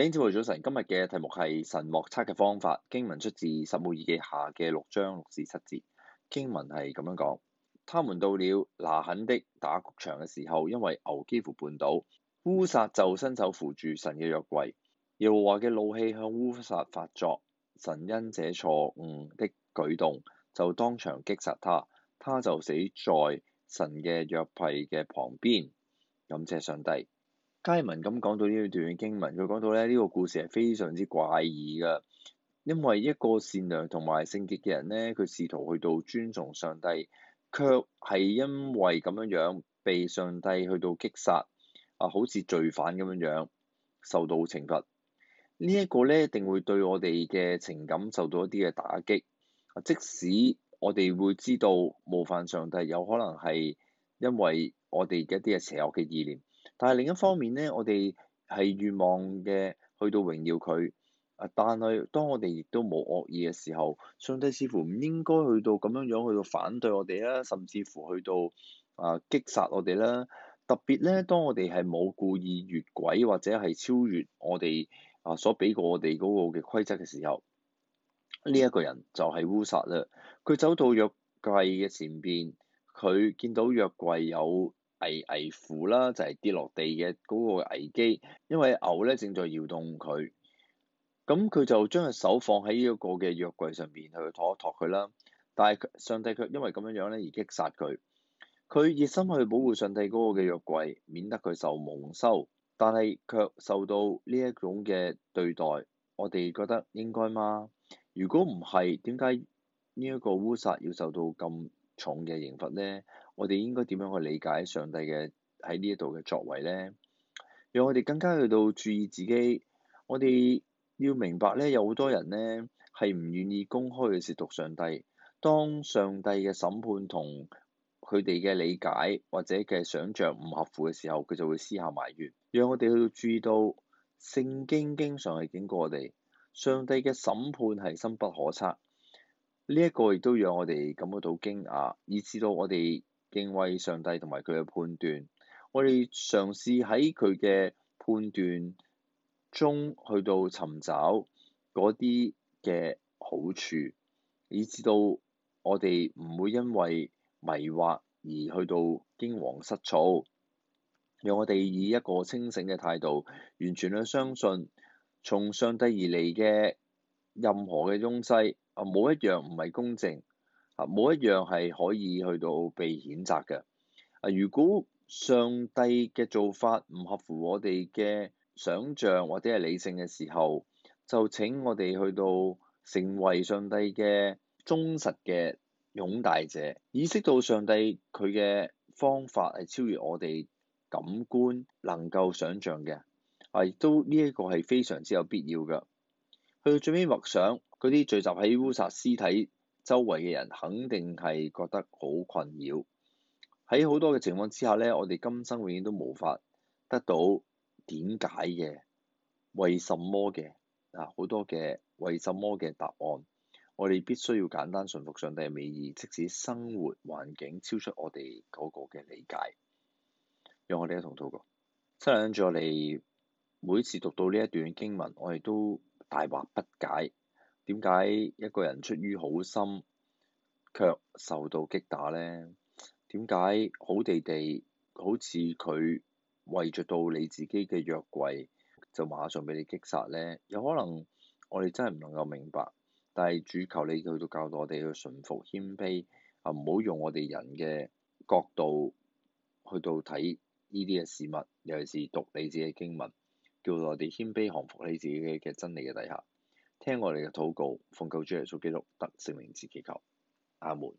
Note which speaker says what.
Speaker 1: 大家好，早晨。今日嘅題目係神莫測嘅方法。經文出自《撒母耳記下》嘅六章六至七節。經文係咁樣講，他們到了拿肯的打谷場嘅時候，因為牛幾乎絆倒，烏撒就伸手扶住神嘅約櫃。耶和華嘅怒氣向烏撒發作，神因這錯誤的舉動，就當場擊殺他，他就死在神嘅約櫃嘅旁邊，感謝上帝。佳文咁講到呢段經文，佢講到咧，呢個故事係非常之怪異噶。因為一個善良同埋聖潔嘅人咧，佢試圖去到尊重上帝，卻係因為咁樣樣被上帝去到擊殺，啊，好似罪犯咁樣樣受到懲罰。這個、呢一個咧，一定會對我哋嘅情感受到一啲嘅打擊。即使我哋會知道冒犯上帝，有可能係因為我哋一啲嘅邪惡嘅意念。但係另一方面咧，我哋係願望嘅去到榮耀佢，啊！但係當我哋亦都冇惡意嘅時候，上帝似乎唔應該去到咁樣樣去到反對我哋啦，甚至乎去到啊擊殺我哋啦。特別咧，當我哋係冇故意越軌或者係超越我哋啊所俾過我哋嗰個嘅規則嘅時候，呢、這、一個人就係烏撒啦。佢走到約櫃嘅前邊，佢見到約櫃有，危危乎啦，就係、是、跌落地嘅嗰個危機，因為牛咧正在搖動佢，咁佢就將隻手放喺呢一個嘅約櫃上邊去托一托佢啦，但係上帝卻因為咁樣樣咧而擊殺佢，佢熱心去保護上帝嗰個嘅約櫃，免得佢受蒙羞，但係卻受到呢一種嘅對待，我哋覺得應該嗎？如果唔係，點解呢一個烏撒要受到咁？重嘅刑罰呢，我哋應該點樣去理解上帝嘅喺呢一度嘅作為呢？讓我哋更加去到注意自己。我哋要明白呢，有好多人呢係唔願意公開去褻瀆上帝。當上帝嘅審判同佢哋嘅理解或者嘅想像唔合乎嘅時候，佢就會私下埋怨。讓我哋去到注意到聖經經常係警告我哋，上帝嘅審判係深不可測。呢一個亦都讓我哋感覺到驚訝，以至到我哋敬畏上帝同埋佢嘅判斷。我哋嘗試喺佢嘅判斷中去到尋找嗰啲嘅好處，以至到我哋唔會因為迷惑而去到驚惶失措，讓我哋以一個清醒嘅態度，完全去相信從上帝而嚟嘅任何嘅東西。啊！冇一樣唔係公正，啊，冇一樣係可以去到被譴責嘅。啊！如果上帝嘅做法唔合乎我哋嘅想像或者係理性嘅時候，就請我哋去到成為上帝嘅忠實嘅擁戴者，意識到上帝佢嘅方法係超越我哋感官能夠想像嘅。啊！亦都呢一個係非常之有必要嘅。去到最尾默想。嗰啲聚集喺烏撒屍體周圍嘅人，肯定係覺得好困擾。喺好多嘅情況之下咧，我哋今生永遠都無法得到點解嘅為什麼嘅啊好多嘅為什麼嘅、啊、答案，我哋必須要簡單順服上帝嘅美意，即使生活環境超出我哋嗰個嘅理解。讓我哋一同禱告。真係跟住我哋每次讀到呢一段經文，我哋都大惑不解。點解一個人出於好心，卻受到擊打咧？點解好地地好似佢圍着到你自己嘅約櫃，就馬上俾你擊殺咧？有可能我哋真係唔能夠明白，但係主求你去到教導我哋去順服謙卑，啊唔好用我哋人嘅角度去到睇呢啲嘅事物，尤其是讀你自己嘅經文，叫我哋謙卑降服你自己嘅嘅真理嘅底下。聽我哋嘅禱告，奉救主耶穌基督得聖名自己求，阿門。